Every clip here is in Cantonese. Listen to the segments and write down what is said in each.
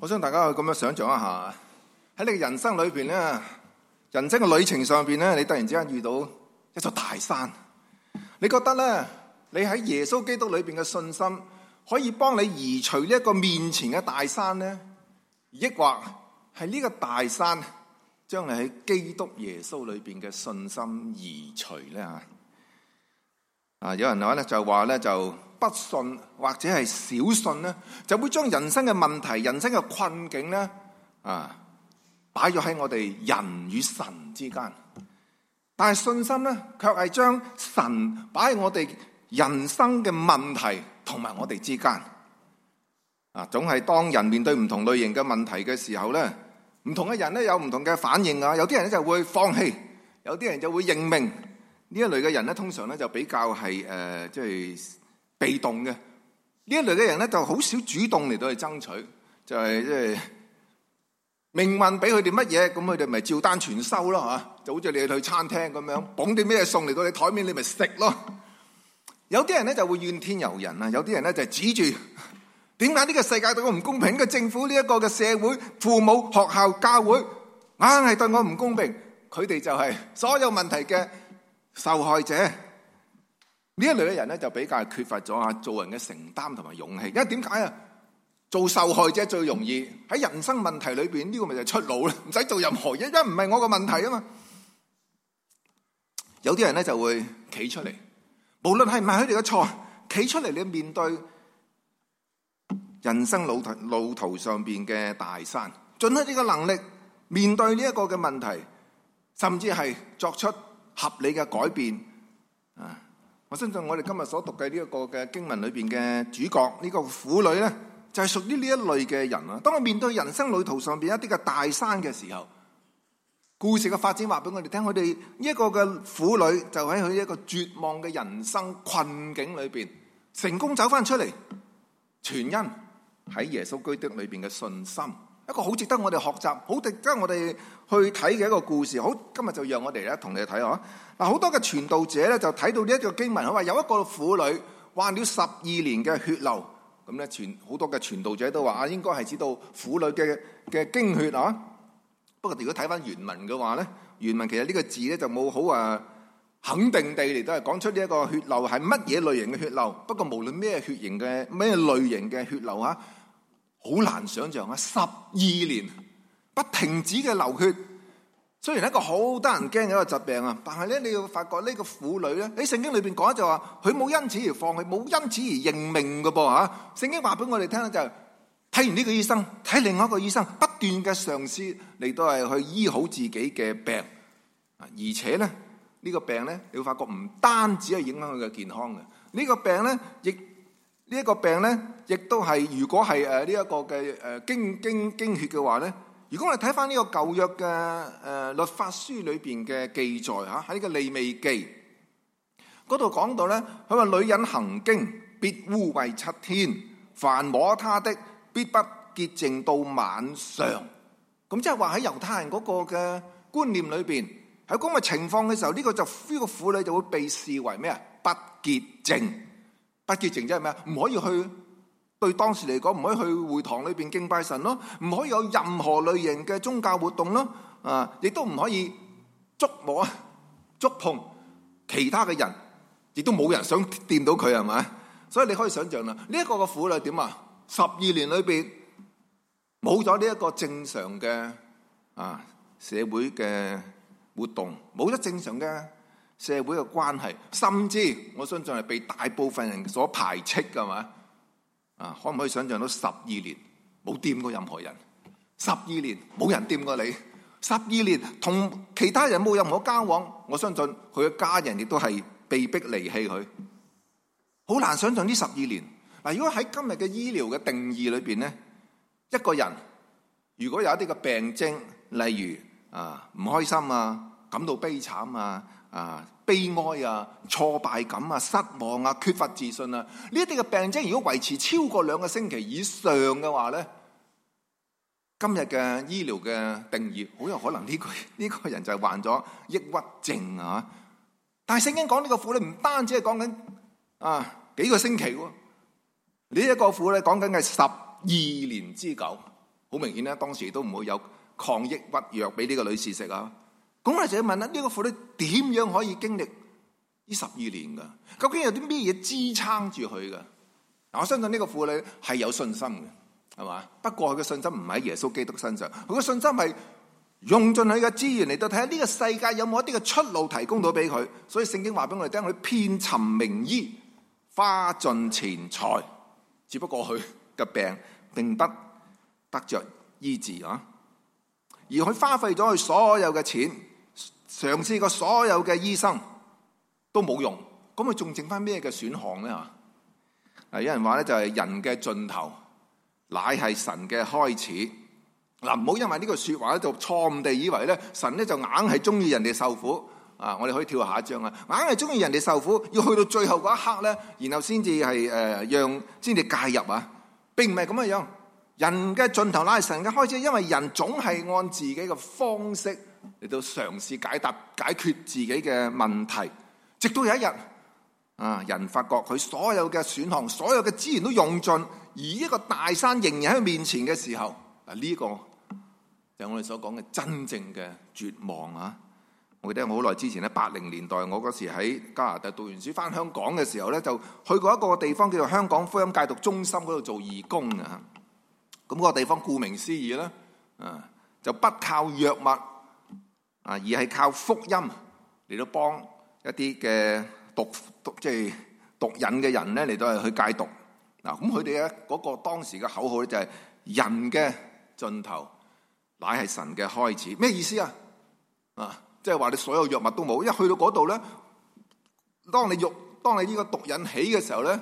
我想大家去咁樣想象一下，喺你嘅人生裏邊咧，人生嘅旅程上邊咧，你突然之間遇到一座大山，你覺得咧，你喺耶穌基督裏邊嘅信心可以幫你移除呢一個面前嘅大山咧，抑或係呢個大山將你喺基督耶穌裏邊嘅信心移除咧？啊！有人話咧就話咧就不信或者係小信呢，就會將人生嘅問題、人生嘅困境呢，啊，擺咗喺我哋人與神之間。但係信心呢，卻係將神擺喺我哋人生嘅問題同埋我哋之間。啊，總係當人面對唔同類型嘅問題嘅時候呢，唔同嘅人呢，有唔同嘅反應啊。有啲人呢，就會放棄，有啲人就會認命。呢一類嘅人咧，通常咧就比較係誒，即係被動嘅。呢一類嘅人咧，就好少主動嚟到去爭取，就係即係命運俾佢哋乜嘢，咁佢哋咪照單全收咯嚇、啊。就好似你去餐廳咁樣，捧啲咩餸嚟到你台面，你咪食咯。有啲人咧就會怨天尤人啊，有啲人咧就係指住點解呢個世界對我唔公平？嘅政府呢一、這個嘅社會、父母、學校、教會，硬係對我唔公平。佢哋就係所有問題嘅。受害者呢一類嘅人咧，就比較缺乏咗啊做人嘅承擔同埋勇氣。因為點解啊？做受害者最容易喺，人生問題裏邊，呢、這個咪就係出路咧，唔使做任何嘢，因唔係我個問題啊嘛。有啲人咧就會企出嚟，無論係唔係佢哋嘅錯，企出嚟你面對人生路途路途上邊嘅大山，盡開呢個能力面對呢一個嘅問題，甚至係作出。合理嘅改變，啊！我相信我哋今日所讀嘅呢一個嘅經文裏邊嘅主角、這個、婦呢個婦女咧，就係屬於呢一類嘅人啦。當我面對人生旅途上邊一啲嘅大山嘅時候，故事嘅發展話俾我哋聽，佢哋呢一個嘅婦女就喺佢一個絕望嘅人生困境裏邊，成功走翻出嚟，全因喺耶穌基督裡面的裏邊嘅信心。一個好值得我哋學習、好值得我哋去睇嘅一個故事，好，今日就讓我哋咧同你睇吓。嗱，好多嘅傳道者咧就睇到呢一個經文，佢話有一個婦女患了十二年嘅血流，咁咧傳好多嘅傳道者都話啊，應該係指到婦女嘅嘅經血啊。不過如果睇翻原文嘅話咧，原文其實呢個字咧就冇好啊肯定地嚟，都係講出呢一個血流係乜嘢類型嘅血流。不過無論咩血型嘅、咩類型嘅血流啊。好難想象啊！十二年不停止嘅流血，雖然一個好得人驚嘅一個疾病啊，但係咧你要發覺呢個婦女咧喺聖經裏邊講就話，佢冇因此而放棄，冇因此而認命嘅噃吓。聖經話俾我哋聽咧就是，睇完呢個醫生，睇另外一個醫生，不斷嘅嘗試，嚟都係去醫好自己嘅病啊！而且咧呢、這個病咧，你會發覺唔單止係影響佢嘅健康嘅，呢、這個病咧亦。呢一個病咧，亦都係如果係誒呢一個嘅誒經經經血嘅話咧，如果我哋睇返呢個舊約嘅誒、呃、律法書裏邊嘅記載吓，喺、啊這個利未記嗰度講到咧，佢話女人行經，必污穢七天，凡摸她的，必不潔淨到晚上。咁即係話喺猶太人嗰個嘅觀念裏邊，喺嗰個情況嘅時候，呢、這個就呢、這個婦女就會被視為咩啊？不潔淨。不潔淨即係咩啊？唔可以去，對當時嚟講，唔可以去會堂裏邊敬拜神咯，唔可以有任何類型嘅宗教活動咯。啊，亦都唔可以觸摸、觸碰其他嘅人，亦都冇人想掂到佢係咪？所以你可以想像啦，呢一個嘅苦係點啊？十二年裏邊冇咗呢一個正常嘅啊社會嘅活動，冇咗正常嘅。社會嘅關係，甚至我相信係被大部分人所排斥㗎嘛。啊，可唔可以想象到十二年冇掂過任何人？十二年冇人掂過你，十二年同其他人冇任何交往。我相信佢嘅家人亦都係被逼離棄佢。好難想象呢十二年。嗱，如果喺今日嘅醫療嘅定義裏面呢，一個人如果有一啲嘅病徵，例如啊唔開心啊，感到悲慘啊。啊，悲哀啊，挫敗感啊，失望啊，缺乏自信啊，呢一啲嘅病徵如果維持超過兩個星期以上嘅話咧，今日嘅醫療嘅定義好有可能呢個呢個人就係患咗抑鬱症啊。但係聖經講呢個苦咧，唔單止係講緊啊幾個星期喎、啊，呢、這、一個苦咧講緊係十二年之久。好明顯咧，當時都唔會有抗抑鬱藥俾呢個女士食啊。咁咧就要問啦，呢個婦女點樣可以經歷呢十二年噶？究竟有啲咩嘢支撐住佢嘅？我相信呢個婦女係有信心嘅，係嘛？不過佢嘅信心唔喺耶穌基督身上，佢嘅信心係用盡佢嘅資源嚟到睇下呢個世界有冇一啲嘅出路提供到俾佢。所以聖經話俾我哋聽，佢遍尋名醫，花盡錢財，只不過佢嘅病並不得着醫治啊！而佢花費咗佢所有嘅錢。嘗試過所有嘅醫生都冇用，咁咪仲剩翻咩嘅選項咧嚇？嗱，有人話咧就係人嘅盡頭乃係神嘅開始。嗱，唔好因為呢個説話就錯誤地以為咧神咧就硬係中意人哋受苦啊！我哋可以跳下一章啊，硬係中意人哋受苦，要去到最後嗰一刻咧，然後先至係誒讓先至介入啊！並唔係咁嘅樣，人嘅盡頭乃係神嘅開始，因為人總係按自己嘅方式。嚟到嘗試解答解決自己嘅問題，直到有一日啊，人發覺佢所有嘅選項、所有嘅資源都用盡，而一個大山仍然喺佢面前嘅時候，嗱、這、呢個就係我哋所講嘅真正嘅絕望啊！我記得我好耐之前咧，八零年代我嗰時喺加拿大讀完書返香港嘅時候咧，就去過一個地方叫做香港福音戒毒中心嗰度做義工嘅。咁嗰個地方顧名思義咧，啊，就不靠藥物。啊！而係靠福音嚟到幫一啲嘅毒毒，即係毒癮嘅人咧，嚟到係去戒毒。嗱，咁佢哋咧嗰個當時嘅口號咧就係：人嘅盡頭乃係神嘅開始。咩意思啊？啊，即係話你所有藥物都冇，一去到嗰度咧，當你欲當你呢個毒癮起嘅時候咧，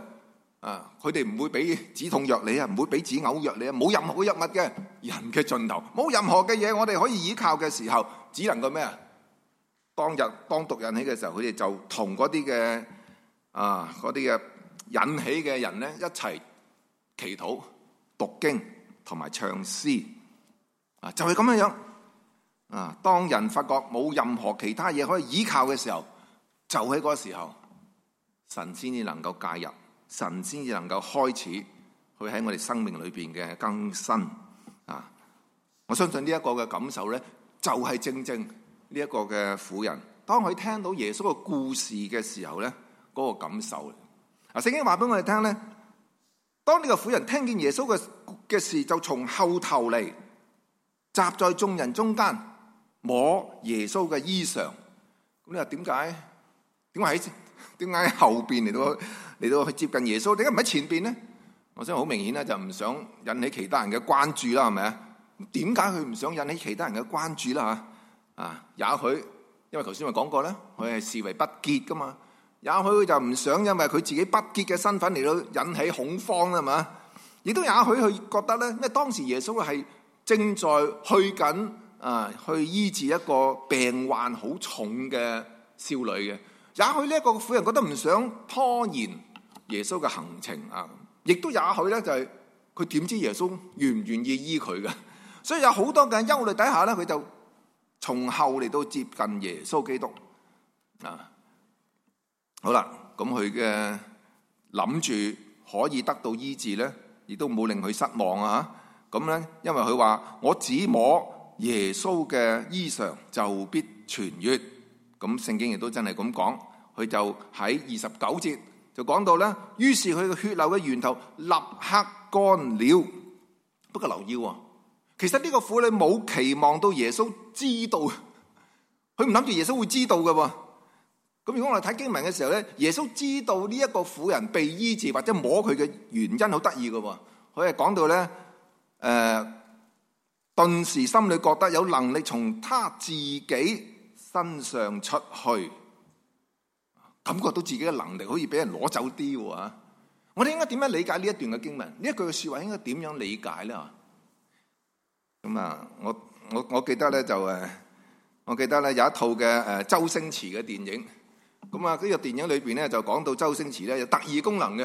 啊，佢哋唔會俾止痛藥你啊，唔會俾止嘔藥你啊，冇任何嘅藥物嘅。人嘅盡頭冇任何嘅嘢，我哋可以依靠嘅時候。只能夠咩啊？當日當讀引起嘅時候，佢哋就同嗰啲嘅啊啲嘅引起嘅人咧一齊祈禱、讀經同埋唱詩啊，就係、是、咁樣樣啊。當人發覺冇任何其他嘢可以依靠嘅時候，就喺嗰個時候，神先至能夠介入，神先至能夠開始佢喺我哋生命裏邊嘅更新啊！我相信呢一個嘅感受咧。就係正正呢一個嘅婦人，當佢聽到耶穌嘅故事嘅時候咧，嗰、那個感受啊聖經話俾我哋聽咧，當呢個婦人聽見耶穌嘅嘅事，就從後頭嚟，集在眾人中間，摸耶穌嘅衣裳。咁你話點解？點解喺點解喺後邊嚟到嚟到去接近耶穌？點解唔喺前邊咧？我想好明顯咧，就唔想引起其他人嘅關注啦，係咪啊？點解佢唔想引起其他人嘅關注啦？吓啊，也許因為頭先咪講過咧，佢係視為不潔噶嘛。也許佢就唔想因為佢自己不潔嘅身份嚟到引起恐慌啦嘛。亦都也許佢覺得咧，因為當時耶穌係正在去緊啊，去醫治一個病患好重嘅少女嘅。也許呢一個婦人覺得唔想拖延耶穌嘅行程啊，亦都也許咧就係佢點知耶穌願唔願意醫佢嘅？所以有好多嘅憂慮底下咧，佢就從後嚟到接近耶穌基督啊。好啦，咁佢嘅諗住可以得到醫治咧，亦都冇令佢失望啊。咁咧，因為佢話，我只摸耶穌嘅衣裳就必痊癒。咁聖經亦都真係咁講，佢就喺二十九節就講到咧：於是佢嘅血流嘅源頭立刻乾了。不過留意啊。其實呢個婦女冇期望到耶穌知道，佢唔諗住耶穌會知道嘅喎。咁如果我哋睇經文嘅時候咧，耶穌知道呢一個婦人被醫治或者摸佢嘅原因好得意嘅喎，佢係講到咧，誒、呃，頓時心裡覺得有能力從他自己身上出去，感覺到自己嘅能力可以俾人攞走啲啊！我哋應該點樣理，理解呢一段嘅經文？呢一句嘅說話應該點樣理解咧？咁啊，我我我記得咧就誒，我記得咧有一套嘅誒周星馳嘅電影，咁啊呢個電影裏邊咧就講到周星馳咧有特異功能嘅，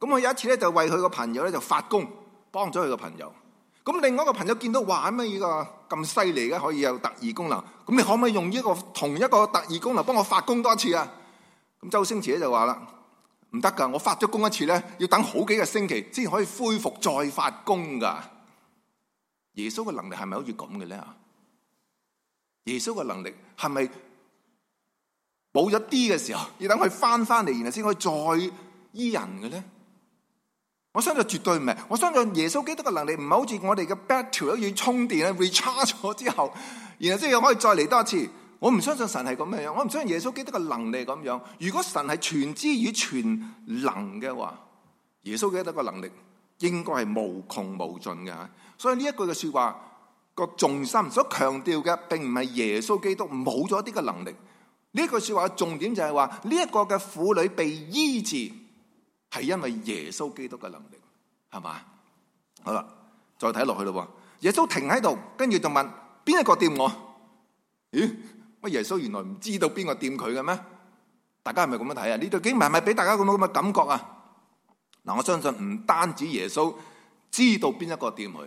咁佢有一次咧就為佢個朋友咧就發功，幫咗佢個朋友，咁另外一個朋友見到哇咩，呢個咁犀利嘅可以有特異功能，咁你可唔可以用呢個同一個特異功能幫我發功多一次啊？咁周星馳咧就話啦，唔得噶，我發咗功一次咧要等好幾個星期先可以恢復再發功噶。耶穌嘅能力係咪好似咁嘅咧？耶穌嘅能力係咪冇咗啲嘅時候，要等佢返返嚟啊，然後先可以再醫人嘅呢？我相信絕對唔係。我相信耶穌基督嘅能力唔係好似我哋嘅 battery 充電啊，會差咗之後，然後之後可以再嚟多一次。我唔相信神係噉樣。我唔相信耶穌基督嘅能力係噉樣。如果神係全知與全能嘅話，耶穌基督嘅能力應該係無窮無盡㗎。所以呢一句嘅說話個重心，所強調嘅並唔係耶穌基督冇咗啲嘅能力。呢句說話嘅重點就係話呢一個嘅婦女被醫治，係因為耶穌基督嘅能力，係嘛？好啦，再睇落去咯。耶穌停喺度，跟住就問，邊一個掂我？咦，乜耶穌原來唔知道邊個掂佢嘅咩？大家係咪咁樣睇啊？呢段經文係咪俾大家咁樣咁嘅感覺啊？嗱，我相信唔單止耶穌知道邊一個掂佢。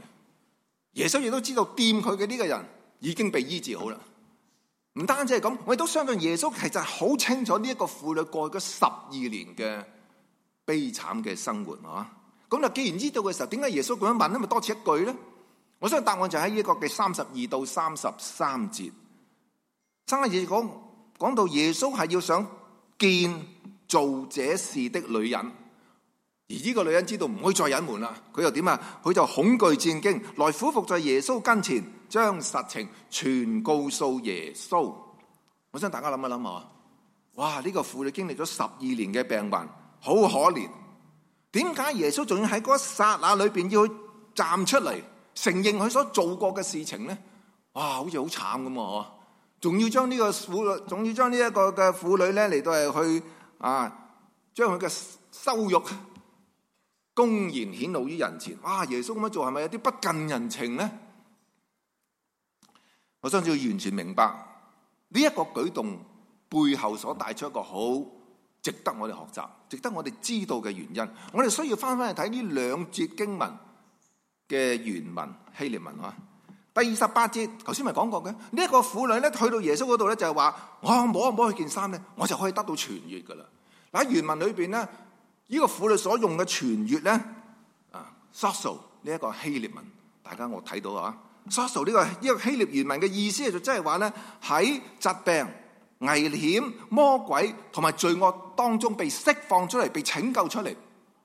耶穌亦都知道掂佢嘅呢個人已經被醫治好啦，唔單止係咁，我亦都相信耶穌其實好清楚呢一個婦女過去嘅十二年嘅悲慘嘅生活啊！咁就既然知道嘅時候，點解耶穌咁樣問，都咪多此一句咧？我相信答案就喺呢個嘅三十二到三十三節，三廿二講講到耶穌係要想見做這事的女人。而呢個女人知道唔可以再隱瞞啦，佢又點啊？佢就恐懼戰驚，來俯伏在耶穌跟前，將實情全告訴耶穌。我想大家諗一諗啊！哇，呢個婦女經歷咗十二年嘅病患，好可憐。點解耶穌仲要喺嗰一剎那裏邊要去站出嚟，承認佢所做過嘅事情呢？哇，好似好慘咁啊！仲要將呢個婦女，仲要將呢一個嘅婦女咧嚟到係去啊，將佢嘅羞辱，公然顯露於人前，哇！耶穌咁樣做係咪有啲不近人情咧？我相信要完全明白呢一、這個舉動背後所帶出一個好值得我哋學習、值得我哋知道嘅原因。我哋需要翻翻去睇呢兩節經文嘅原文希臘文啊。第二十八節，頭先咪講過嘅，這個、婦呢一個婦女咧去到耶穌嗰度咧就係、是、話：我摸唔摸佢件衫咧，我就可以得到痊愈噶啦。嗱喺原文裏邊咧。呢個婦女所用嘅傳越咧，啊，SOSO 呢一個希臘文，大家我睇到啊，SOSO 呢個呢個希臘原文嘅意思就即係話咧喺疾病、危險、魔鬼同埋罪惡當中被釋放出嚟、被拯救出嚟，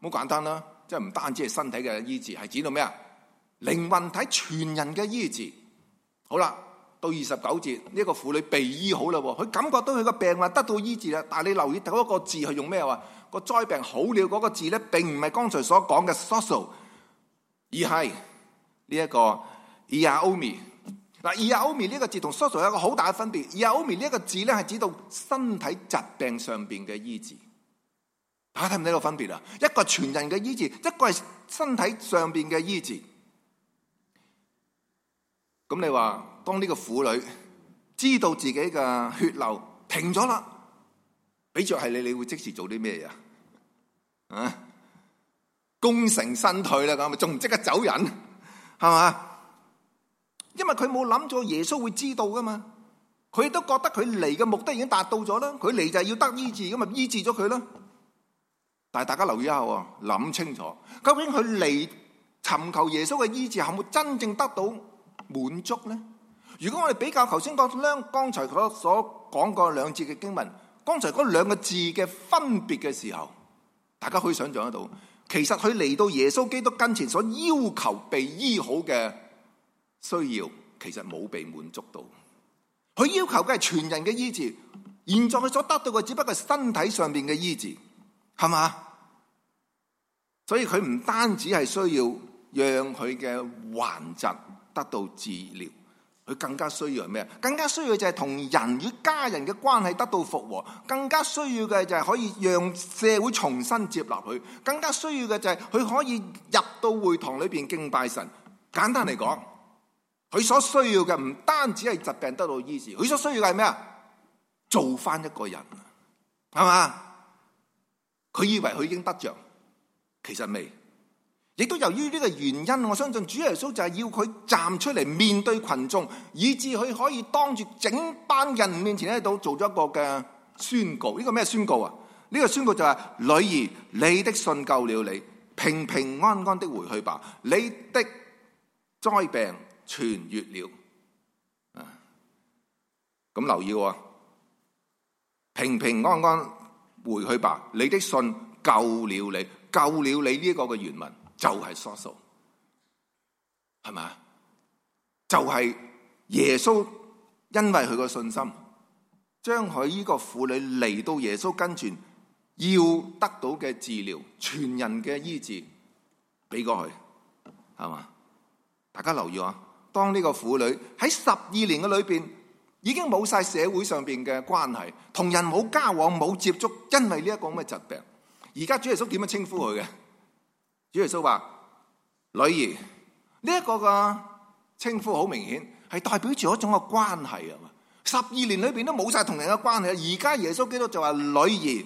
好簡單啦，即係唔單止係身體嘅醫治，係指到咩啊？靈魂體全人嘅醫治，好啦。到二十九節呢一個婦女被醫好啦，佢感覺到佢個病患得到醫治啦。但係你留意嗰個字係用咩話？個災病好了嗰個字咧，並唔係剛才所講嘅 soso，而係呢一個 iaomi。嗱 iaomi 呢一個字同 soso 有一個好大嘅分別。iaomi 呢一個字咧係指到身體疾病上邊嘅醫治。大家睇唔睇到分別啊？一個全人嘅醫治，一個係身體上邊嘅醫治。咁你話，當呢個婦女知道自己嘅血流停咗啦，俾着係你，你會即時做啲咩啊？啊，功成身退啦，咁咪仲唔即刻走人，係嘛？因為佢冇諗咗耶穌會知道噶嘛，佢都覺得佢嚟嘅目的已經達到咗啦，佢嚟就係要得醫治，咁咪醫治咗佢啦。但係大家留意一下喎，諗清楚，究竟佢嚟尋求耶穌嘅醫治，係咪真正得到？滿足咧？如果我哋比較頭先嗰兩，剛才所所講過兩節嘅經文，剛才嗰兩個字嘅分別嘅時候，大家可以想象得到，其實佢嚟到耶穌基督跟前所要求被醫好嘅需要，其實冇被滿足到。佢要求嘅係全人嘅醫治，現在佢所得到嘅只不過係身體上邊嘅醫治，係嘛？所以佢唔單止係需要讓佢嘅患疾，得到治療，佢更加需要係咩啊？更加需要就係同人與家人嘅關係得到復和，更加需要嘅就係可以讓社會重新接納佢，更加需要嘅就係佢可以入到會堂裏面敬拜神。簡單嚟講，佢所需要嘅唔單止係疾病得到醫治，佢所需要嘅係咩啊？做翻一個人，係嘛？佢以為佢已經得着，其實未。亦都由於呢個原因，我相信主耶穌就係要佢站出嚟面對群眾，以致佢可以當住整班人面前喺度做咗一個嘅宣告。呢個咩宣告啊？呢個宣告就係：女兒，你的信救了你，平平安安的回去吧。你的災病痊愈了。啊，咁留意喎，平平安安回去吧。你的信救了你，救了你呢個嘅原文。就係、就是、耶穌，係嘛？就係耶穌，因為佢個信心，將佢呢個婦女嚟到耶穌跟前，要得到嘅治療、全人嘅醫治，俾過去，係嘛？大家留意啊！當呢個婦女喺十二年嘅裏邊，已經冇晒社會上邊嘅關係，同人冇交往、冇接觸，因為呢一個咁嘅疾病。而家主耶穌點樣稱呼佢嘅？主耶穌話：女兒，呢個，個稱呼好明顯，係代表住一種關係。十二年裏面都冇晒同人的關係，而家耶穌基督就話：女兒，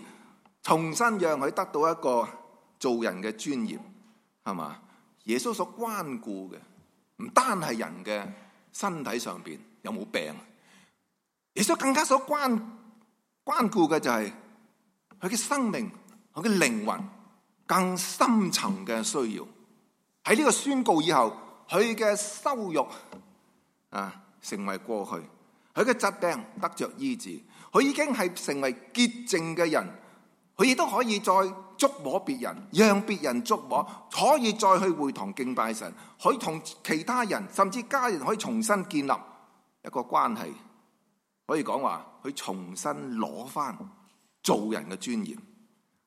重新讓佢得到一個做人的尊嚴，係嘛？耶穌所關顧的，唔單係人的身體上面有冇有病，耶穌更加所關關顧的就係佢的生命，佢的靈魂。更深層嘅需要，喺呢個宣告以後，佢嘅羞辱啊成為過去，佢嘅疾病得着醫治，佢已經係成為潔淨嘅人，佢亦都可以再觸摸別人，讓別人觸摸，可以再去會堂敬拜神，可以同其他人甚至家人可以重新建立一個關係，可以講話，佢重新攞翻做人嘅尊嚴。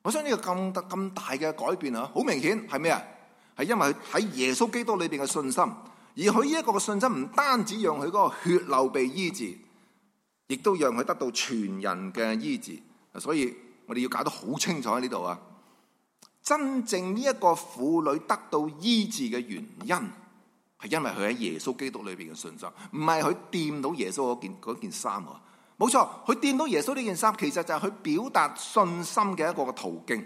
我想呢個咁得咁大嘅改變啊，好明顯係咩啊？係因為佢喺耶穌基督裏邊嘅信心，而佢呢一個嘅信心唔單止讓佢嗰個血流被醫治，亦都讓佢得到全人嘅醫治。所以我哋要搞得好清楚喺呢度啊！真正呢一個婦女得到醫治嘅原因，係因為佢喺耶穌基督裏邊嘅信心，唔係佢掂到耶穌嗰件件衫啊。冇錯，佢掂到耶穌呢件衫，其實就係佢表達信心嘅一個途徑。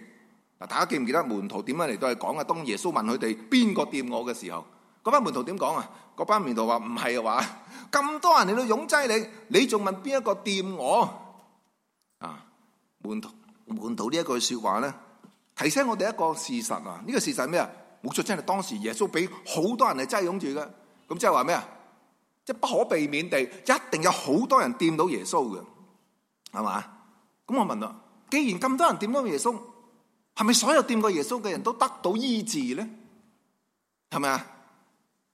嗱，大家記唔記得門徒點樣嚟到係講啊？當耶穌問佢哋邊個掂我嘅時候，嗰班門徒點講啊？嗰班門徒話唔係啊，話咁多人嚟到擁擠你，你仲問邊一個掂我啊？門徒門徒呢一句說話咧，提醒我哋一個事實啊！呢個事實係咩啊？冇錯，真係當時耶穌俾好多人嚟擠擁住嘅，咁即係話咩啊？即係不可避免地，一定有好多人掂到耶穌嘅，係嘛？咁我問啦，既然咁多人掂到耶穌，係咪所有掂過耶穌嘅人都得到醫治咧？係咪啊？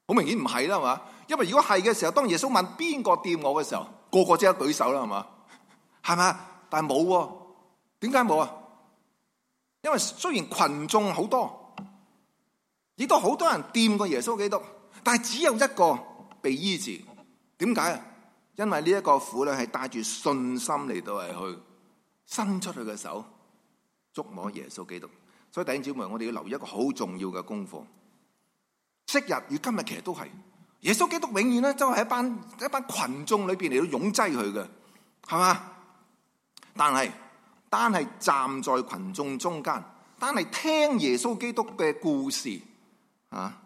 好明顯唔係啦，係嘛？因為如果係嘅時候，當耶穌問邊個掂我嘅時候，個個即刻舉手啦，係嘛？係咪啊？但係冇，點解冇啊？因為雖然群眾好多，亦都好多人掂過耶穌基督，但係只有一個。被醫治，點解啊？因為呢一個婦女係帶住信心嚟到嚟去伸出佢嘅手觸摸耶穌基督，所以弟兄姊妹，我哋要留意一個好重要嘅功課。昔日與今日其實都係耶穌基督，永遠咧都係一班一班群眾裏邊嚟到擁擠佢嘅，係嘛？但係單係站在群眾中間，單係聽耶穌基督嘅故事啊！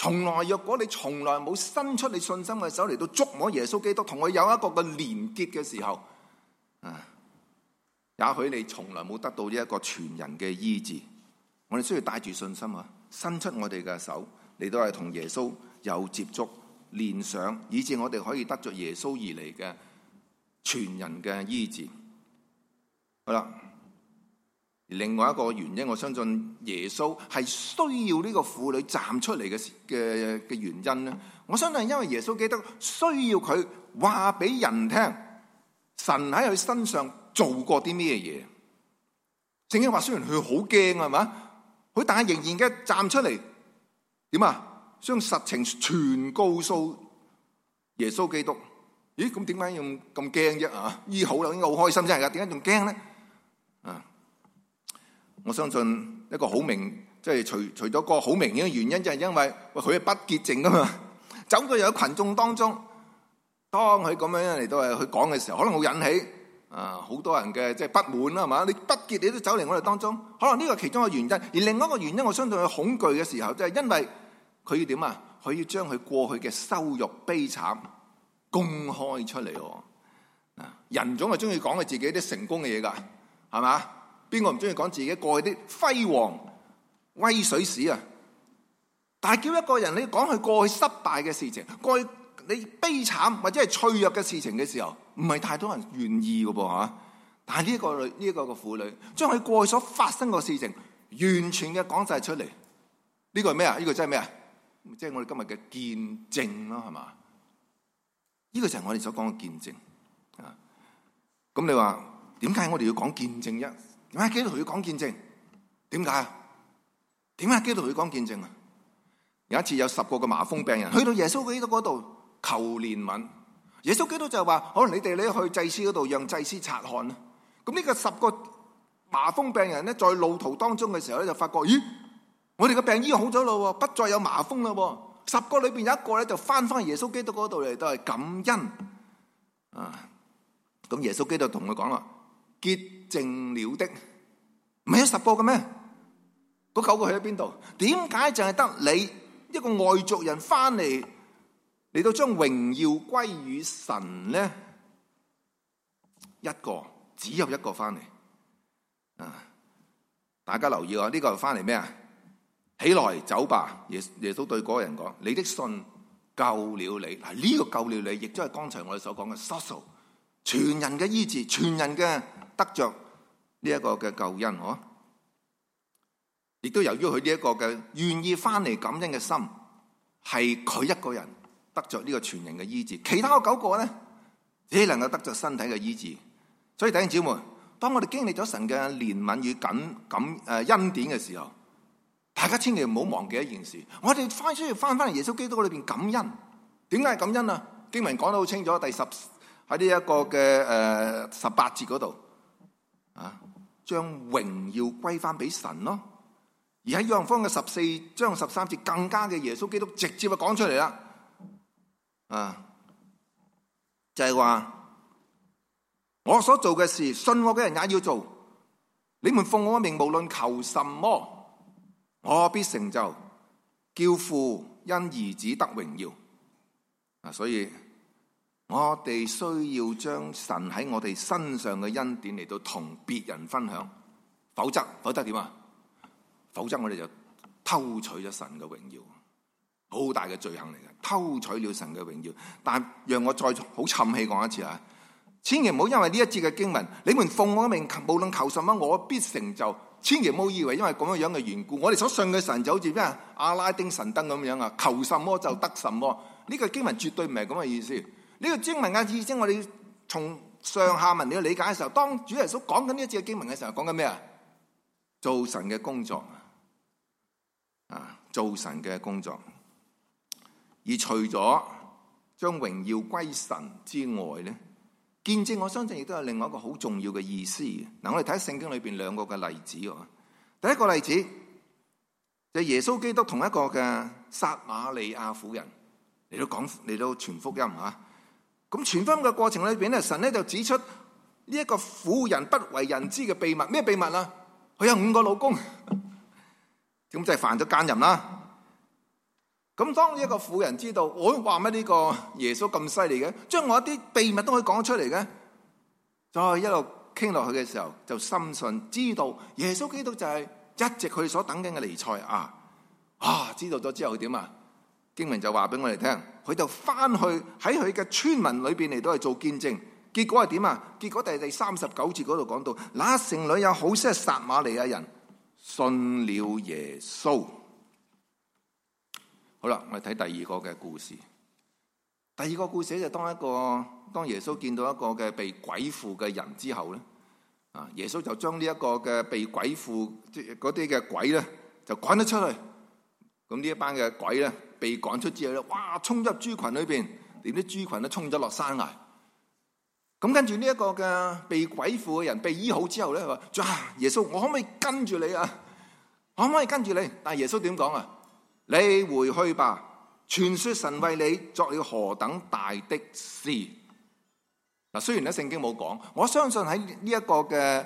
從來，若果你從來冇伸出你信心嘅手嚟到捉摸耶穌基督，同佢有一個嘅連結嘅時候，啊，也許你從來冇得到呢一個全人嘅醫治。我哋需要帶住信心啊，伸出我哋嘅手，你都係同耶穌有接觸、連想，以致我哋可以得着耶穌而嚟嘅全人嘅醫治。好啦，另外一個原因，我相信。耶穌係需要呢個婦女站出嚟嘅嘅嘅原因咧，我相信因為耶穌基督需要佢話俾人聽，神喺佢身上做過啲咩嘢。聖經話，雖然佢好驚係嘛？佢但係仍然嘅站出嚟，點啊？將實情全告訴耶穌基督。咦？咁點解用咁驚啫？啊，醫好啦，應該好開心真係噶，點解仲驚咧？啊，我相信。一個好明，即係除除咗個好明顯嘅原因，就係因為佢係不潔淨噶嘛，走到有喺羣眾當中，當佢咁樣嚟到去講嘅時候，可能會引起啊好多人嘅即係不滿啦，係嘛？你不潔，你都走嚟我哋當中，可能呢個其中嘅原因。而另外一個原因，我相信佢恐懼嘅時候，就係因為佢要點啊？佢要將佢過去嘅羞辱悲慘公開出嚟喎。啊，人總係中意講佢自己啲成功嘅嘢㗎，係嘛？邊個唔中意講自己過去啲輝煌、威水史啊？但係叫一個人你講佢過去失敗嘅事情、過去你悲慘或者係脆弱嘅事情嘅時候，唔係太多人願意噶噃吓。但係呢一個女呢一個嘅婦女，將佢過去所發生嘅事情完全嘅講晒出嚟，呢個係咩啊？呢個真係咩啊？即係我哋今日嘅見證咯，係嘛？呢個就係我哋所講嘅見證啊！咁你話點解我哋要講見證一？點解基督同佢講見證？點解啊？點解基督同佢講見證啊？有一次有十個嘅麻風病人去到耶穌基督嗰度求憐憫，耶穌基督就話：可能你哋咧去祭司嗰度讓祭司察看啦。咁呢個十個麻風病人咧，在路途當中嘅時候咧，就發覺：咦，我哋嘅病醫好咗咯，不再有麻風咯。十個裏邊有一個咧，就翻翻耶穌基督嗰度嚟，都係感恩。啊，咁耶穌基督同佢講啦。潔淨了的，唔係有十個嘅咩？嗰九個去咗邊度？點解淨係得你一個外族人翻嚟，嚟到將榮耀歸於神呢？一個，只有一個翻嚟。啊！大家留意啊，呢個翻嚟咩啊？起來，走吧。耶耶穌對嗰個人講：你的信救了你。係呢個救了你，亦都係剛才我哋所講嘅 social。全人嘅醫治，全人嘅得着呢一個嘅救恩，嗬！亦都由於佢呢一個嘅願意翻嚟，感恩嘅心，係佢一個人得着呢個全人嘅醫治，其他九個咧只能夠得着身體嘅醫治。所以弟兄姊妹，當我哋經歷咗神嘅憐憫與感感誒恩典嘅時候，大家千祈唔好忘記一件事，我哋翻出去翻翻嚟耶穌基督裏邊感恩，點解感恩啊？經文講得好清楚，第十。喺呢一個嘅，誒十八節嗰度，啊，將榮耀歸翻俾神咯。而喺約方嘅十四章十三節，更加嘅耶穌基督直接就講出嚟啦，啊，就係話我所做嘅事，信我嘅人也要做。你們奉我嘅名無論求什麼，我必成就。叫父因兒子得榮耀。啊，所以。我哋需要將神喺我哋身上嘅恩典嚟到同別人分享，否則否則點啊？否則我哋就偷取咗神嘅榮耀，好大嘅罪行嚟嘅，偷取了神嘅榮耀。但係讓我再好沉氣講一次啊！千祈唔好因為呢一節嘅經文，你們奉我命，無論求什麼，我必成就。千祈唔好以為因為咁樣樣嘅緣故，我哋所信嘅神就好似咩啊？阿拉丁神燈咁樣啊？求什麼就得什麼？呢個經文絕對唔係咁嘅意思。呢個經文嘅意思，我哋從上下文嚟理解嘅時候，當主耶穌講緊呢一節嘅經文嘅時候，講緊咩啊？做神嘅工作啊！做神嘅工作。而除咗將榮耀歸神之外咧，見證我相信亦都有另外一個好重要嘅意思。嗱，我哋睇聖經裏邊兩個嘅例子喎，啊。第一個例子就係，耶穌基督同一個嘅撒瑪利亞婦人你都講你都傳福音嚇。啊，咁傳福音嘅過程裏邊咧，神咧就指出呢一個婦人不為人知嘅秘密，咩秘密啊？佢有五個老公，咁就係犯咗奸淫啦。咁當呢一個婦人知道我話乜呢個耶穌咁犀利嘅，將我一啲秘密都可以講出嚟嘅，再一路傾落去嘅時候，就深信知道耶穌基督就係一直佢所等緊嘅彌賽亞啊！啊，知道咗之後點啊？經文就話俾我哋聽。佢就翻去喺佢嘅村民裏邊嚟都係做見證，結果係點啊？結果第第三十九節嗰度講到，那城裏有好些撒瑪利亞人信了耶穌。好啦，我哋睇第二個嘅故事。第二個故事就當一個當耶穌見到一個嘅被鬼附嘅人之後咧，啊，耶穌就將呢一個嘅被鬼附即嗰啲嘅鬼咧，就趕咗出去。咁呢一班嘅鬼咧。被趕出之後咧，哇！衝入豬群裏邊，連啲豬群都衝咗落山崖。咁跟住呢一個嘅被鬼附嘅人被醫好之後咧，佢話：耶穌，我可唔可以跟住你啊？我可唔可以跟住你？但係耶穌點講啊？你回去吧。傳說神為你做了何等大的事。嗱，雖然咧聖經冇講，我相信喺呢一個嘅誒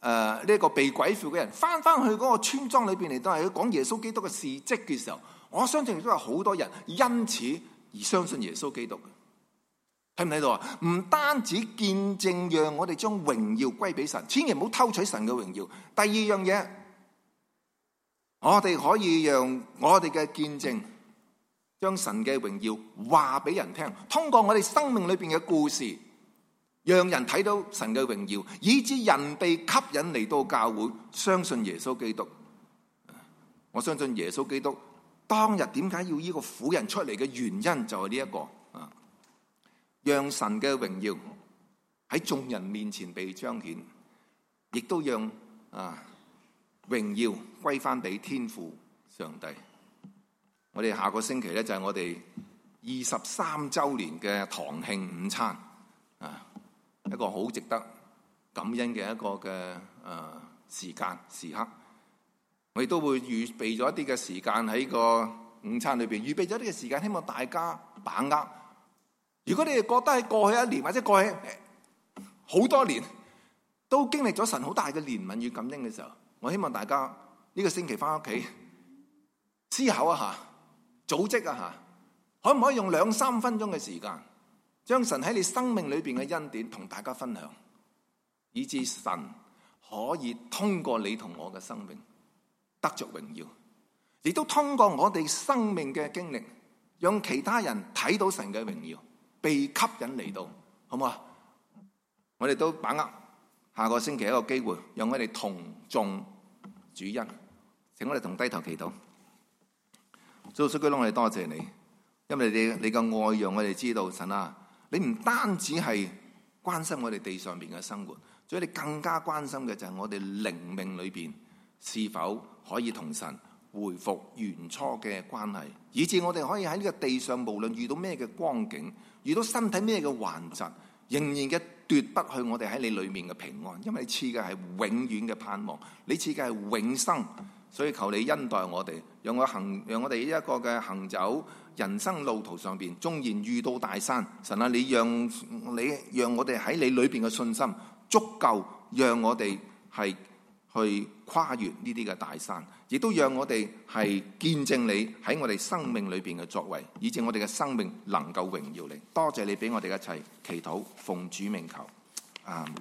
呢一個被鬼附嘅人返返去嗰個村莊裏邊嚟，都係講耶穌基督嘅事跡嘅時候。我相信亦都有好多人因此而相信耶穌基督，睇唔睇到啊？唔單止見證讓我哋將榮耀歸俾神，千祈唔好偷取神嘅榮耀。第二樣嘢，我哋可以讓我哋嘅見證將神嘅榮耀話俾人聽，通過我哋生命裏邊嘅故事，讓人睇到神嘅榮耀，以致人被吸引嚟到教會，相信耶穌基督。我相信耶穌基督。當日點解要呢個婦人出嚟嘅原因就係呢一個啊，讓神嘅榮耀喺眾人面前被彰顯，亦都讓啊榮耀歸翻俾天父上帝。我哋下個星期咧就係我哋二十三周年嘅堂慶午餐啊，一個好值得感恩嘅一個嘅誒時間時刻。我哋都會預備咗一啲嘅時間喺個午餐裏面，預備咗一啲嘅時間，希望大家把握。如果你哋覺得喺過去一年或者過去好多年都經歷咗神好大嘅憐憫與感恩嘅時候，我希望大家呢個星期翻屋企思考一下，組織一下，可唔可以用兩三分鐘嘅時間將神喺你生命裏面嘅恩典同大家分享，以至神可以通過你同我嘅生命。得着榮耀，亦都通過我哋生命嘅經歷，讓其他人睇到神嘅榮耀，被吸引嚟到，好唔好啊？我哋都把握下個星期一個機會，讓我哋同眾主恩。請我哋同低頭祈禱。做主居，我哋多謝你，因為你你嘅愛讓我哋知道神啊，你唔單止係關心我哋地上邊嘅生活，所以你更加關心嘅就係我哋靈命裏邊。是否可以同神回復原初嘅關係，以至我哋可以喺呢個地上，無論遇到咩嘅光景，遇到身體咩嘅患疾，仍然嘅奪不去我哋喺你裏面嘅平安，因為你賜嘅係永遠嘅盼望，你賜嘅係永生，所以求你恩待我哋，讓我行，讓我哋呢一個嘅行走人生路途上邊，縱然遇到大山，神啊，你讓你讓我哋喺你裏邊嘅信心足夠讓我哋係。去跨越呢啲嘅大山，亦都讓我哋係見證你喺我哋生命裏邊嘅作為，以至我哋嘅生命能夠榮耀你。多謝你俾我哋一齊祈禱，奉主名求，阿門。